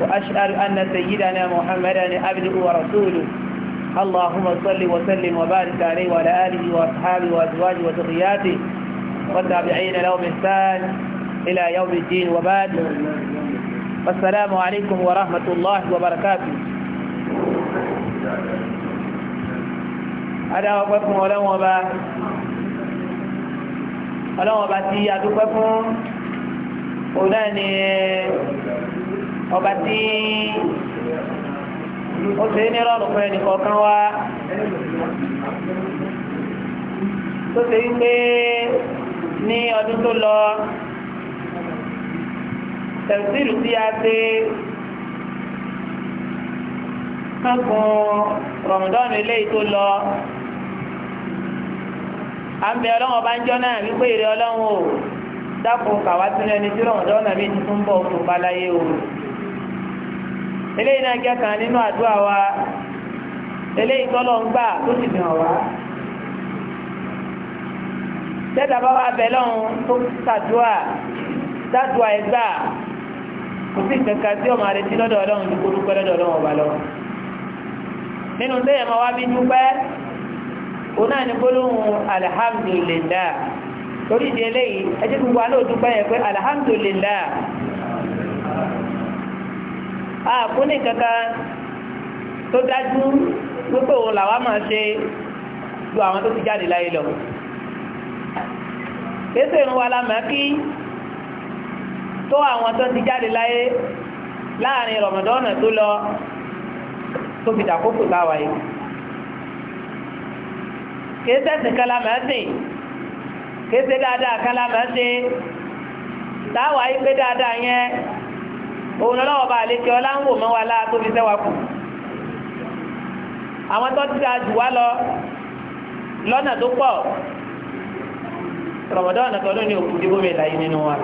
وأشهد أن سيدنا محمدا عبده ورسوله اللهم صل وسلم وبارك عليه وعلى آله وأصحابه وأزواجه وذرياته والتابعين لهم إحسان إلى يوم الدين وبعد السلام عليكم ورحمة الله وبركاته أنا وقفكم ولا وبا ولا وبا تي أدوكم وناني ọba tí ó ṣe ní rọrùn fún ẹnì kọ̀ọ̀kan wá tó ṣe wípé ní ọdún tó lọ tẹ̀sílù tí a ṣe mẹ́kùn rọ̀mùdọ́nù eléyìí tó lọ à ń bẹ ọlọ́run ọba ń jọ náà wípé èrè ọlọ́run o dákun kàwá sínú ẹni tí rọ̀mùdọ́nù mi ti tún bọ̀ tó bá o eléyìí náà jẹ́ kan nínú àdúrà wa eléyìí tọ́lọ́ ń gbà tó sì dùn wá tẹ́tà bá wà bẹ̀ lọ́hùn tó ṣàdúrà ṣàdúrà ẹ̀ gbà kò sí kankan tí ọmọ àrètí lọ́dọ̀ ọlọ́run ní kó dúpẹ́ lọ́dọ̀ ọlọ́run ọba lọ nínú tẹ́yẹ̀ máa wá bí dúpẹ́ òun náà ní gbólóhùn alhamdulillah torí ìdí eléyìí ẹ jẹ́ gbogbo alóòdúpẹ́ yẹn pé alhamdulillah àkúnì ah, kankan tó dájú wípé òun làwa máa ṣe ju àwọn tó ti jáde láyé lọ kéésì ìrún wa la mọ̀ kí tó àwọn tó ti jáde láyé láàrin rọ̀mọ̀dọ́nà tó lọ tó fi dàkókò táwa yìí kéésì ẹ̀sìn kan la mọ̀ sìn kéésì dáadáa kan la mọ̀ ṣe táwa yìí pé dáadáa yẹn. òun lọ́wọ́ bá àlejò ọlá ń wò mọ́ láà tó fi sẹ́wà kù àwọn ti jù wá lọ lọ́nà tó pọ̀ rọ̀mọ̀dọ́nà tó lónìí òkú dìbò mi láyé nínú wa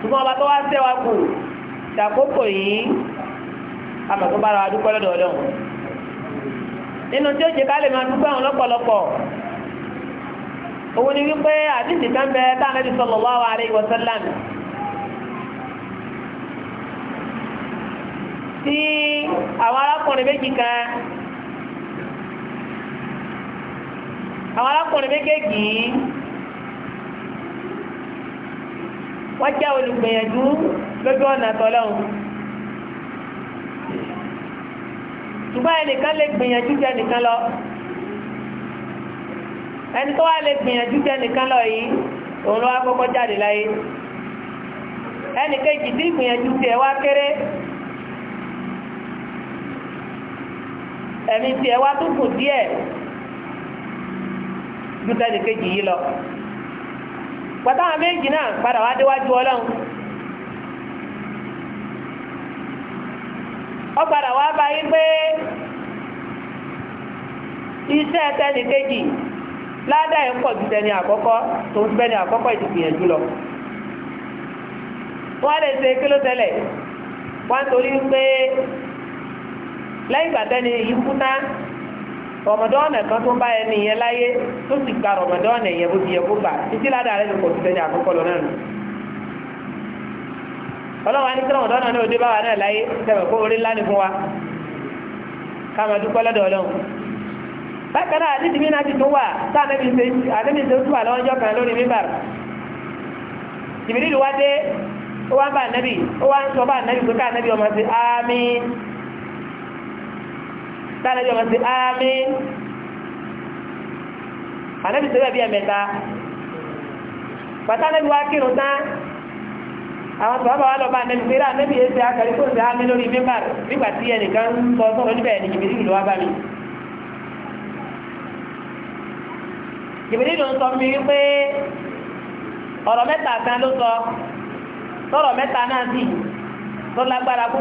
ṣùgbọ́n ọba tó wá sẹ́wà kù ṣàkókò yìí àmọ̀ bára wa dúpẹ́ lọ́dọ̀ nínú tí ó ṣe ká lè máa dúpẹ́ lọ́pọ̀lọpọ̀ òun ni wípé àdìsí kan bẹ táwọn ẹbí sí àwọn arákùnrin méjì kan àwọn arákùnrin méjèèjì wọ́n jẹ́ olùgbìyànjú lójú ọ̀nà tọ́lọ́hùn ṣùgbọ́n ẹnìkan lè gbìyànjú jẹ nìkan lọ ẹni tó wá lè gbìyànjú jẹ nìkan lọ yìí òun ló kọ́kọ́ jáde láyé ẹnìkejì tí gbìyànjú wá kéré ẹ̀mí tiẹ̀ wá tó kù díẹ̀ ju tẹ́lẹ̀ kejì yìí lọ pàtó àwọn méjì náà padà wá déwájú ọlọ́run ó padà wá báyìí pé iṣẹ́ tẹ́lẹ̀ kejì ládàá ẹ̀ pọ̀ ju tẹ́ni àkọ́kọ́ tó ń bẹ́ni àkọ́kọ́ ìdìgbìyànjú lọ wọ́n lè ṣe kí ló tẹ́lẹ̀ wọ́n torí pé lẹ́yìn ìgbà tẹ́ni ikú ná rọmọdọ́ọ̀nà kan tó ń bá ẹni yẹn láyé tó sì gba rọmọdọ́ọ̀nà yẹn bó ti yẹ kó gbà títí ládàá rẹ̀ ló kọ̀ sí tẹ́ni àkọ́kọ́ lọ náà nù ọlọ́wà ní sọ́rọ̀ ọ̀dọ́nà ní òde báwa náà láyé tẹ̀wẹ̀ kó orí ńlá ní fún wa káàmà dúpẹ́ lọ́dọ̀ ọlọ́run bákan náà àdídì mí náà ti tún wà sáàmẹ́bí ṣe tún wà lọ́wọ́ ọjọ́ kan lórí mímbà jìbìrì lù wá dé ó wá ń bá ànábì ó wá ń sọ bá ànábì pé káànábì ọmọ sí àmín tánàbí ọmọ sí àmín ànábì sẹ́bẹ̀ bí ẹ̀mẹ́ta pàtàkì wá kírun tán àwọn sọ̀rọ̀ wà lọ́ba ànábì sẹ́rẹ́ ànábì yẹn ṣe àkàrí kó ṣe àmín lórí mímbà nígbà tí ẹnìkan ń sọ sọ̀rọ̀ níbẹ̀ ni jìbìrì ló wá bá mi. jìbìrì ló ń sọ mi wípé ọ̀rọ̀ mẹ́ta kan ló sọ sọ̀rọ̀ mẹ́ta náà sì tó lágbára kó